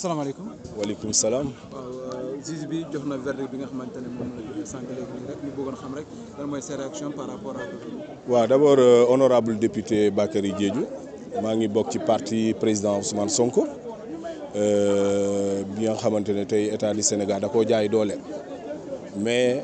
salaamaaleykum. waaleykum salaam. waaw euh, juge bi jox na verdict bi rek ñu bëggoon xam rek lan mooy sa réaction par rapport euh, honorable député Bakary Diédhiou maa ngi bokk ci parti président Ousmane Sonko euh, bi nga xamante ne tey état du Sénégal da koo jaay doole mais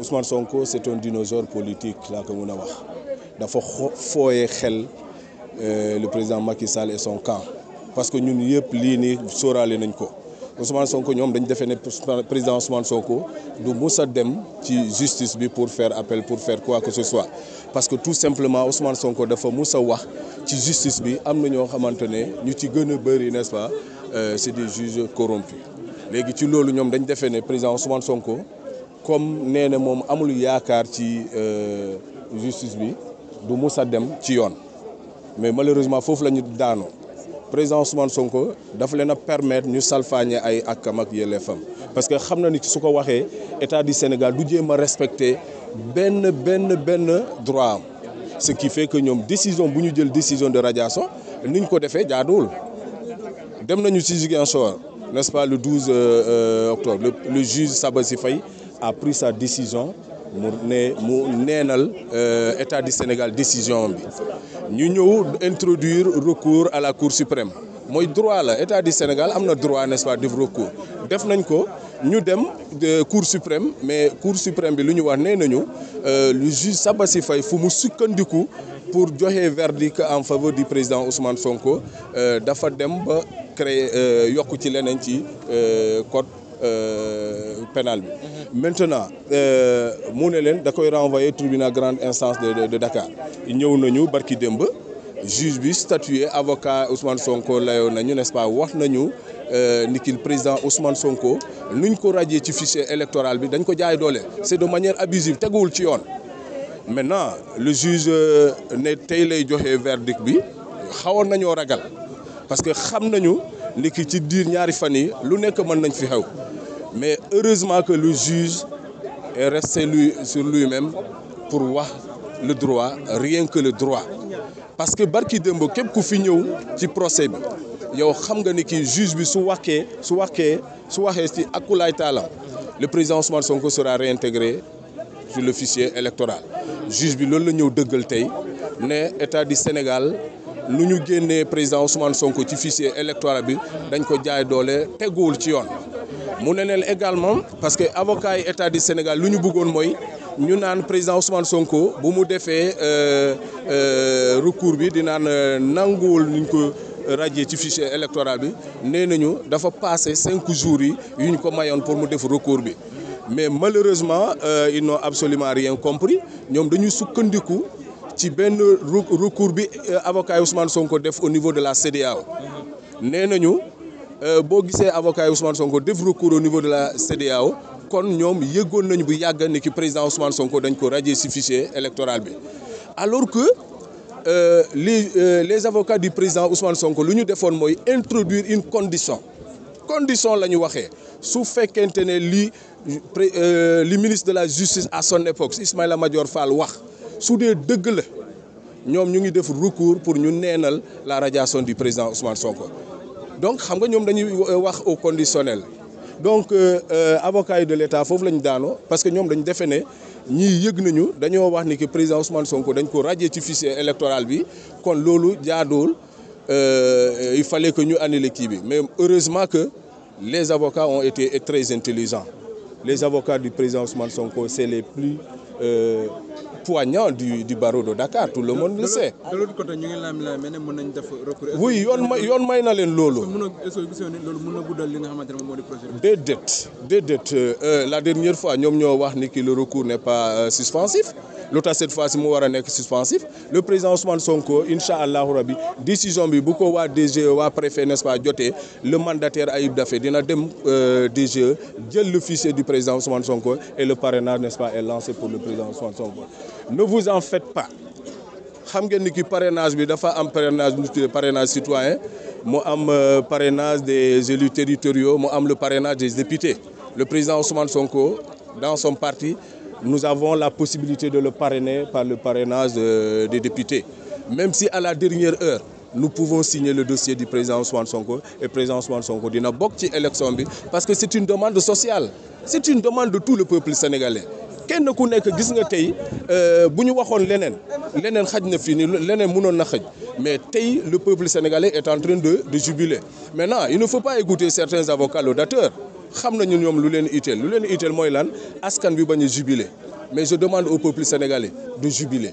Ousmane Sonko c' est un dinosaure politique laa ko mën a wax dafa fooyee xel le président Macky Sall et son camp. parce que ñun yëpp lii nii sóoraale nañ ko Ousmane Sonko ñoom dañ defe ne président Ousmane Sonko du mus a dem ci justice bi pour faire appel pour faire quoi que ce parce que tout simplement Ousmane Sonko dafa mus a wax ci justice bi am na ñoo xamante ne ñu ci gën a bëri n'est-ce pas euh, c'est des juges corrompus léegi ci loolu ñoom dañ defee ne président Ousmane Sonko comme nee na moom amul yaakaar ci euh, justice bi du musa dem ci yoon mais malheureusement foofu la ñu daanoo. président Ousmane Sonko dafa leen a permettre ñu salfaañe ay ak àkkam ak yelleefam parce que xam na ni su ko waxee état du Sénégal du jéem a respecter benn benn benn droit am ce qui fait que ñoom décision bu ñu jël décision de radiation ni ko defee jaaduwul dem nañu ci Ziguinchor n'est-ce pas le 12 euh, euh, octobre le juge Sabassy Faye a pris sa décision mu ne mu neenal euh, état du Sénégal décision bi ñu ñëw introduire recours à la cour suprême mooy droit la état du Sénégal am na droit n'est-ce pas def recours def nañ ko ñu dem cour suprême mais cour suprême bi lu ñu wax nee nañu euh, le juge Sabassi Faye fu mu sukkandiku pour joxe verdict en faveur du président Ousmane Sonko euh, dafa dem ba créer yokk ci leneen ci code Euh, pénal bi. maintenant euh, mu ne leen da koy renvoyer tribunal grande instance de de Dakar ñëw nañu barki démb juge bi statué avocat Ousmane Sonko layoo nañu n'est-ce pas wax nañu euh, ni ki président Ousmane Sonko nuñ ko rajee ci fichier électoral bi dañ ko jaay doole c'est de manière abusive teguwul ci yoon. maintenant le juge ne tey lay joxe verdict bi xawoon nañoo ragal parce que xam nañu. ni ci diir ñaari fan yi lu nekk mën nañ fi xew mais heureusement que lu juge est resté lui sur luy même pour wax le droit rien que droit parce que barki démb képp ku fi ñëw ci procès bi yow xam nga ni kii juge bi su waxee su waxee su waxee ci akulaay taalam le président Ousmane Sonko sera réintégré sur le électoral juge bi loolu la ñëw dëggal tey ne état du Sénégal nu ñu génnee président Ousmane Sonko ci fichier électoral bi dañ ko jaay doole teguwul ci yoon mu ne leen également parce que avocat yi état du Sénégal lu ñu bëggoon mooy ñu naan président Ousmane Sonko bu mu defee euh, euh, recours bi di naan euh, nanguwul nuñ ko radier ci fichier électoral bi nee nañu dafa passé cinq jours yi yu ñu ko mayoon pour mu def recours bi mais malheureusement ils n'ont absolument rien compris ñoom dañuy sukkandiku. ci benn recours bi euh, avocat Ousmane Sonko def au niveau de la CEDEAO nee nañu euh, boo gisee avocat Ousmane Sonko def recours au niveau de la CEDEAO kon ñoom yëgoon nañu bu yàgg ni ki président Ousmane Sonko dañ ko radier ci fichier électoral bi alors que euh, les euh, les avocats du président Ousmane Sonko lu ñu defoon mooy introduire une condition condition la ñu waxee su fekkente ne li euh, li ministre de la justice à son époque Ismaïla Madior Fall wax. su dee dëgg la ñoom ñu ngi def recours pour ñu neenal la radiation du président Ousmane Sonko donc xam nga ñoom dañuy wax au conditionnel donc euh, euh, avocat yi de l'État foofu la ñu daanoo parce que ñoom dañu defee ne ñii yëg nañu dañoo wax ni que président Ousmane Sonko dañ ko radier ci fichier électoral bi kon loolu jaadool euh, il fallait que ñu annuler kii bi mais heureusement que les avocats ont été très intelligents les avocats du président Ousmane Sonko c'est les plus euh, poignant du du barreau de Dakar tout le monde le sait. de l'autre ñu ngi laam-laamee mën nañ def yoon may yoon may na leen loolu. est-ce que loolu mën li nga xamante ne moo di projet bi. déedéet déedéet euh, euh, la dernière fois ñoom ñoo wax ni que le recours n'est pas euh, suspensif. lu tax cette fois si mu war a nekk suspensif le président Ousmane Sonko incha allahu rabi décision bi bu ko waa DGE waa préfet n'est-ce pas jotee le mandataire Ayib Daffé dina dem DGE jël le fichier du président Ousmane Sonko et le parrainage n'est-ce pas est lancé pour le président Ousmane Sonko ne vous en faites pas xam ngeen ni ki parenage bi dafa am parrainage bu ñu tuddee parrainage citoyen mu am euh, parrainage des élus territoriaux mu am le parrainage des députés le président Ousmane Sonko dans son parti nous avons la possibilité de le parrainer par le parrainage euh, des députés même si à la dernière heure nous pouvons signer le dossier du président Ousmane Sonko et président Ousmane Sonko dina bokk ci élection bi parce que c'est une demande sociale c'est une demande de tout le peuple kenn ku nekk gis nga tey euh, bu ñu waxoon leneen leneen xaj na fii ni leneen mënoon na xaj mais tey le peuple sénégalais est en train de de jubiler maintenant il ne faut pas écouter certains avocats laudateurs xam nañu ñoom lu leen itteel lu leen itteel mooy lan askan bi bañ a jubiler mais je demande au peuple sénégalais de jubiler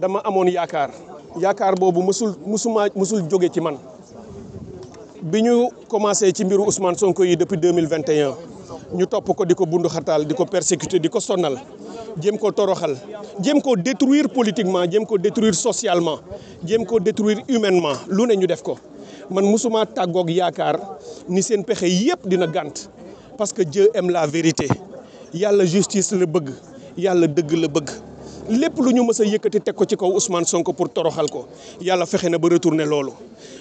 dama amoon yaakaar yaakaar boobu musul musuma musul jóge ci man bi ñu commencé ci mbiru Ousmane Sonko yi depuis 2021 ñu topp ko di ko bundu xataal di ko persécuter di ko sonnal jéem ko toroxal jéem ko détruire politiquement jéem ko détruire socialement jéem ko détruire humainement lu ne ñu def ko man musuma tàggoog yaakaar ni seen pexe yépp dina gànt parce que Dieu aime la vérité yàlla justice la bëgg yàlla dëgg la bëgg lépp lu ñu mës a yëkkati teg ko ci kaw Ousmane Sonko pour toroxal ko yàlla fexe na ba retourné loolu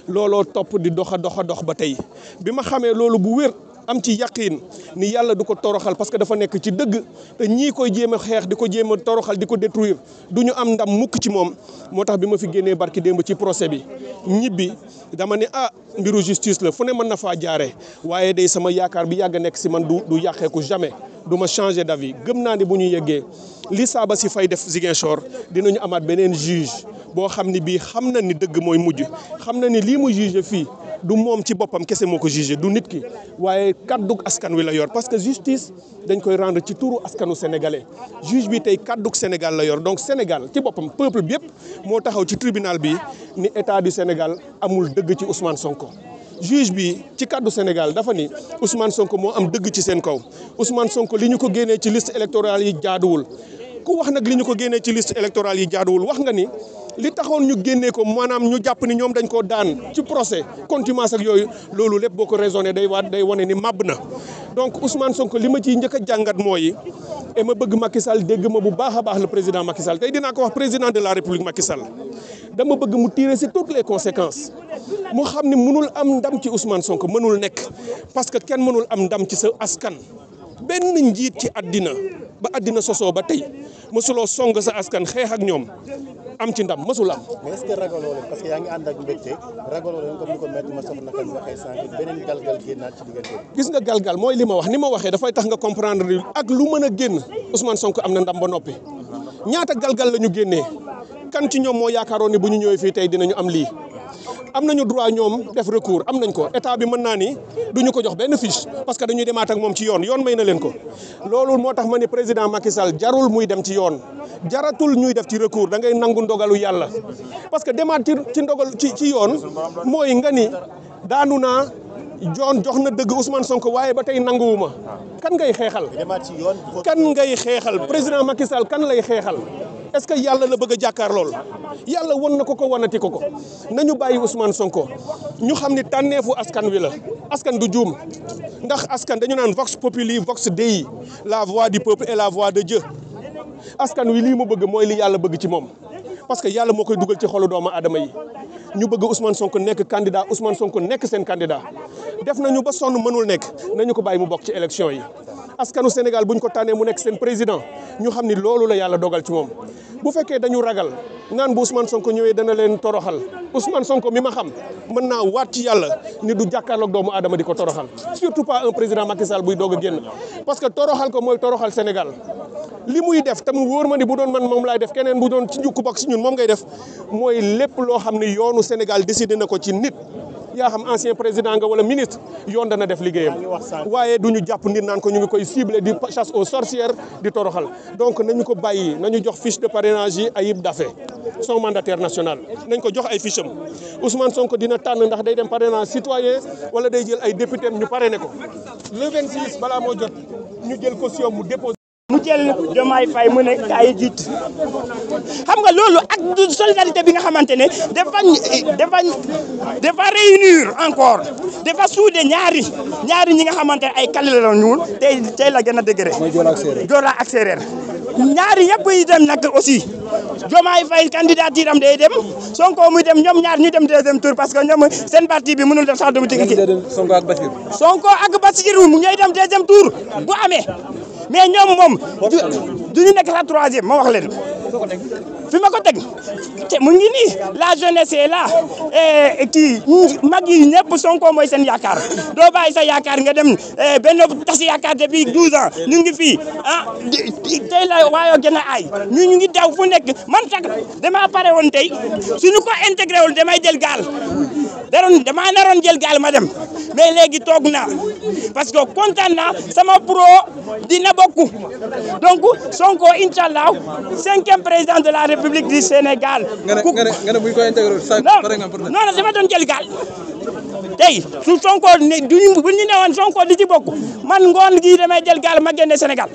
looloo topp di dox a dox dox ba tey bi ma xamee loolu bu wér. am ci yàqiin ni yàlla du ko toroxal parce que dafa nekk ci dëgg te ñii koy jéem a xeex di ko jéem a toroxal di ko détruire du ñu am ndam mukk ci moom moo tax bi ma fi génnee barki démb ci procès bi ñibbi dama ne ah mbiru justice la fu ne mën na faa jaaree waaye day sama yaakaar bi yàgg nekk si man du du yàqeeku jamais du ma changer d'avis gëm naa ne bu ñu yeggee li saaba si fay def Ziguinchor dinañu amaat beneen juge boo xam ni bii xam na ni dëgg mooy mujj xam na ni lii mu juge fii du moom ci boppam kese moo ko jugé du nit ki waaye kàddug askan wi la yor parce que justice dañ koy rendre ci turu askanu sénégalais juge bi tey kàddug Sénégal la yor donc Sénégal ci boppam peuple bi yëpp moo taxaw ci tribunal bi ni état du Sénégal amul dëgg ci Ousmane Sonko. juge bi ci kàddu Sénégal dafa ni Ousmane Sonko moo am dëgg ci seen kaw Ousmane Sonko li ñu ko génnee ci list électorale yi jaaduwul ku wax nag li ñu ko génnee ci liste électorale yi jaaduwul wax nga ni. li taxoon ñu génnee ko maanaam ñu jàpp ni ñoom dañ koo daan ci procès contumace ak yooyu loolu lépp boo ko raisonné day waat day wone ni màbb na donc Ousmane sonk li ma ciy njëkk jàngat mooy et ma bëgg Macky Sall dégg ma bu baax a baax le président Macky day dinaa ko wax président de la République makisal dama bëgg mu tirer si toutes les conséquences mu xam ni mënul am ndam ci Ousmane sonk mënul nekk parce que kenn mënul am ndam ci sa askan benn njiit ci àddina ba àddina sosoo ba tey mësuloo song sa askan xeex ak ñoom am ci ndam mësul am. mais est-ce que ragaloo leen parce que yaa ngi ànd ak mbégte ragaloo leen comme ni ko galgal gis nga galgal mooy li ma wax ni ma waxee dafay tax nga comprendre ak lu mën a génn Ousmane Sonko am na ndam ba noppi ñaata galgal la ñu génnee kan ci ñoom moo yaakaaroon ni bu ñu ñëwee fii tey dinañu am lii. am nañu droit ñoom def recours am nañ ko état bi mën naa ni du ñu ko jox benn fiche parce que dañuy demaat ak moom ci yoon yoon may na leen ko. loolu moo tax ma ne président Macky jarul muy dem ci yoon jaratul ñuy def ci recours da ngay nangu ndogalu yàlla parce que demaat ci ci ndogal ci ci yoon mooy nga ni daanu naa. joon jox na dëgg Ousmane ko waaye ba tey nanguwuma kan ngay xeexal kan ngay xeexal président Macky kan lay xeexal est-ce que yàlla la bëgg a jàkkaar lool yàlla won na ko ko wanati ko ko ñu bàyyi Ousmane Sonko ñu xam ni tànneefu askan wi la askan du juum ndax askan dañu naan vox populi vox dei la voix du peuple et la voix de Dieu askan wi lii mu bëgg mooy li yàlla bëgg ci moom parce que yàlla moo koy dugal ci xolu doomu aadama yi ñu bëgg Ousmane Sonko nekk candidat Ousmane Sonko nekk seen candidat def nañu ba sonn mënul nekk nañu ko bàyyi mu bokk ci élection yi askanu Sénégal bu ñu ko tànnee mu nekk seen président ñu xam ni loolu la yàlla dogal ci moom bu fekkee dañu ragal naan bu Ousmane Sonko ñëwee dana leen toroxal Ousmane Sonko mi ma xam mën naa waat ci yàlla ni du jàkkaarloog doomu aadama di ko toroxal surtout pas un président Macky Sall buy doog a génn parce que toroxal ko mooy toroxal Sénégal li muy def te mu wóor ma ni bu doon man moom laay def keneen bu doon ci njukku bokk si ñun moom ngay def mooy lépp loo xam ni yoonu Sénégal décidé na ko ci nit yaa xam ancien président nga wala ministre yoon def liggéeyam waaye du ñu jàpp nit naan ko ñu ngi koy ciblé di chasse aux sorcières di toroxal donc nañu ko bàyyi nañu jox fiche de parrainage yi Ayib Daffé son mandataire national nañ ko jox ay fiche am Ousmane Sonko dina tànn ndax day dem parrainage citoyen wala day jël ay député ñu parrainé ko le 26 balaa mu jël Diomaye Faye mu ne kaay jiit xam nga loolu ak du solidarité bi nga xamante ne dafa dafa dafa réunir encore dafa suude ñaari ñaari ñi nga xamante ne ay kàlla la ñuul tey tey la gën a dëgëre. mooy Joola ak Séeréer ñaari yëpp yi dem nag aussi Diomaye Faye candidature am day dem Sonko muy dem ñoom ñaar ñu dem deuxième tour parce que ñoom seen parti bi mënul def sax du mu tigi Sonko ak Bassirou Sonko ak Bassirou mu ngay dem deuxième tour bu amee. mais ñoom moom du ñu nekk la troisième ma wax leen fi ma ko teg te mu ngi nii la jeunesse est là kii mag yi ñëpp Sonko mooy seen yaakaar doo bàyyi sa yaakaar nga dem eh, benn tas yaakaar depuis 12 ans ñu ngi fii ah tey la waayoo gën a aay ñu ngi daw fu nekk man tak demaa pare woon tey suñu ko intégré wul damay jël gaal daroon damaa naroon jël gaal ma dem mais léegi toog naa parce que sama pro dina bokku donc Sonko incha allah cinquième de la république du Sénégal. ku nga ne buñ ko intégré gaal tey su Sonko ne duñu bu Sonko di ci bokk man ngoon gii damay jël gaal ma génne Sénégal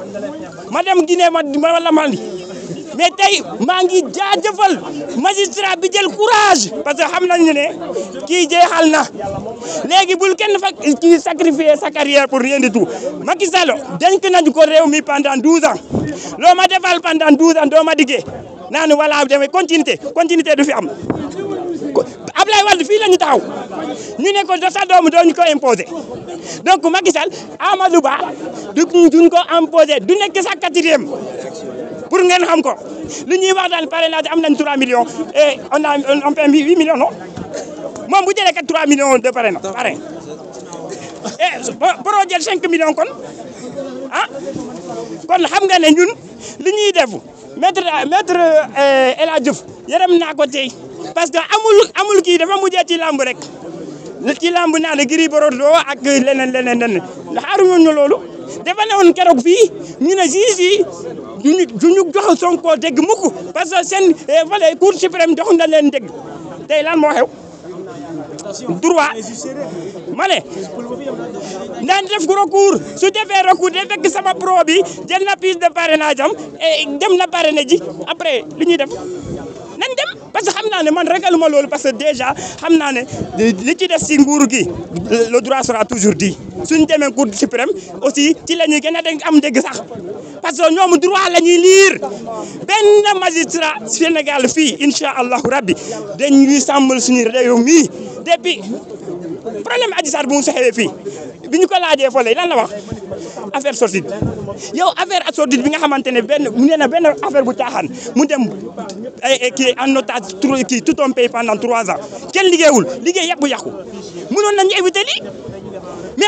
ma dem Guinée ma wala mais tey maa ngi jaajëfal magistrat bi jël courage parce que xam ñu ne kii jeexal na léegi bul kenn fa kii sacrifier sa carrière pour rien du tout Macky Sall dénk nañu ko réew mi pendant 12 loo ma defal pendant 12 doo ma diggee naan wala demee continuité continuité du fi am Ablaye Wade fii la ñu taxaw ñu ne ko sa doom doo ñu ko imposer donc Macky Sall Amadou Ba duñ ko imposer du nekk sa pour ngeen xam ko li ñuy wax daal parrainage am nañ 3 millions et on a on paie 8 millions non moom bu jëlee kat 3 millions de parrain parrain et eh, boo jël cinq millions kon ah kon xam nga ne ñun li ñuy def maître maître eh, El Hadj Diouf yaram naa ko tey parce que amul amul kii dafa mujjee ci làmb rek ci làmb naa ne Gris Bordeaux ak leneen leneen leneen xaaruñu ñu loolu. dafa newoon keroog fii ñu ne juge yi duñu duñu jox Sonko dégg mukk parce que seen fale eh, cour suprême jox na leen dégg tey lan moo xew droit ma ne naan def recours su defee recours de fekk sama pro bi jël na pièce de parrainage am et eh, dem na parrainé ji après lu ñuy def parce que xam naa ne man ragaluma loolu parce que déjà xam naa ne li ci des si nguuru gi le droit sera toujours dit suñ demee cour suprême aussi ci la ñuy gën a am dégg sax parce que ñoom droit la ñuy liir benn magistrat Sénégal fii incha allahu rabbi dañuy sàmmal suñu réew mi depuis problème Adji Sarr bu mu soxewee fii bi ñu ko laajee fële lan la wax affaire sortit yow affaire sortit bi nga xamante ne benn mu ne na benn affaire bu caaxaan mu dem eh, eh, kii en otage kii tout un pays trois ans kenn liggéeyul liggéey yàqu-yàqu mënoon nañu éviter lii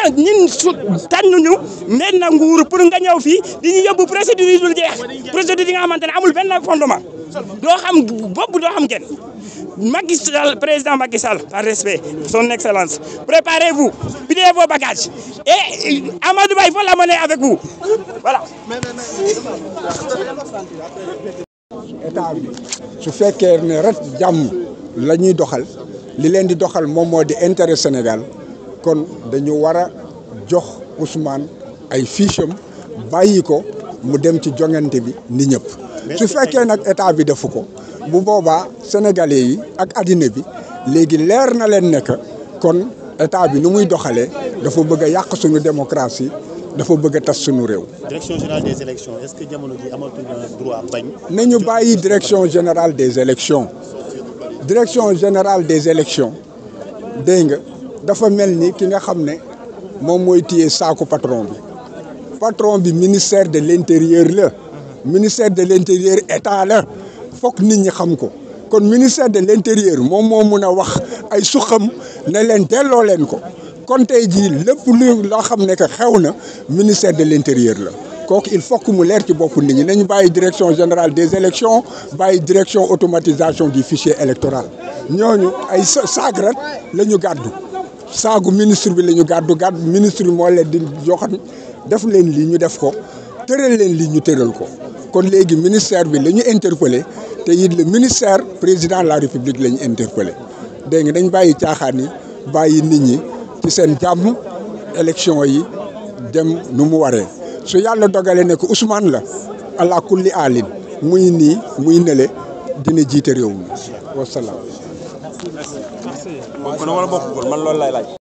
mais ñun su tànnuñu nee na nguur pour nga ñëw fii di ñu yóbbu procédure yi dul jeex procédure yi nga xamante ne amul benn fondement doo xam bopp doo xam kenn Macky Sall président Macky Sall par respect son excellence préparez-vous videz vos bagages et Amadou Ba il faut avec vous voilà. su fekkee ne ret jàmm la ñuy doxal li leen di doxal moom moo di intérêt Sénégal. kon dañu war a jox Ousmane ay fiche bàyyi ko mu dem ci jongante bi ni ñëpp su fekkee nag état bi defu ko bu boobaa sénégalais yi ak addina bi léegi leer na leen nekk kon état bi nu muy doxalee dafa bëgg yàq suñu démocratie dafa bëgg tas suñu réew. direction générale est-ce que jamono ji amatul droit bañ. nañu bàyyi direction général des élections direction générale des élections dégg nga. dafa mel ni ki nga xam ne moom mooy téye saaku patron bi patron bi ministère de l'intérieur la ministère de l'intérieur état la fokk nit ñi xam ko kon ministère de l'intérieur moom moo mun a wax ay suqam ne leen delloo leen ko kon tey jii lépp lu loo xam ne que xew na ministère de l'intérieur la kooku il faut que mu leer ci bopp nit ñi ñu bàyyi direction générale des élections bàyyi direction automatisation du fichier électoral ñooñu ay sagrat la ñu gàddu saagu ministre bi la ñu gàddu gàddu ministre bi moo leen di joxoon def leen lii ñu def ko tëral leen lii ñu tëral ko kon léegi ministère bi la ñu interpellé te it le ministère président la république la ñu interpellé dégg nga dañ bàyyi caaxaan yi bàyyi nit ñi ci seen jàmm élection yi dem nu mu waree su yàlla dogalee ne ko Ousmane la ala kulli alin muy nii muy nele dina jiite réew mi bokk na wala bokkul man loolu laay laaj.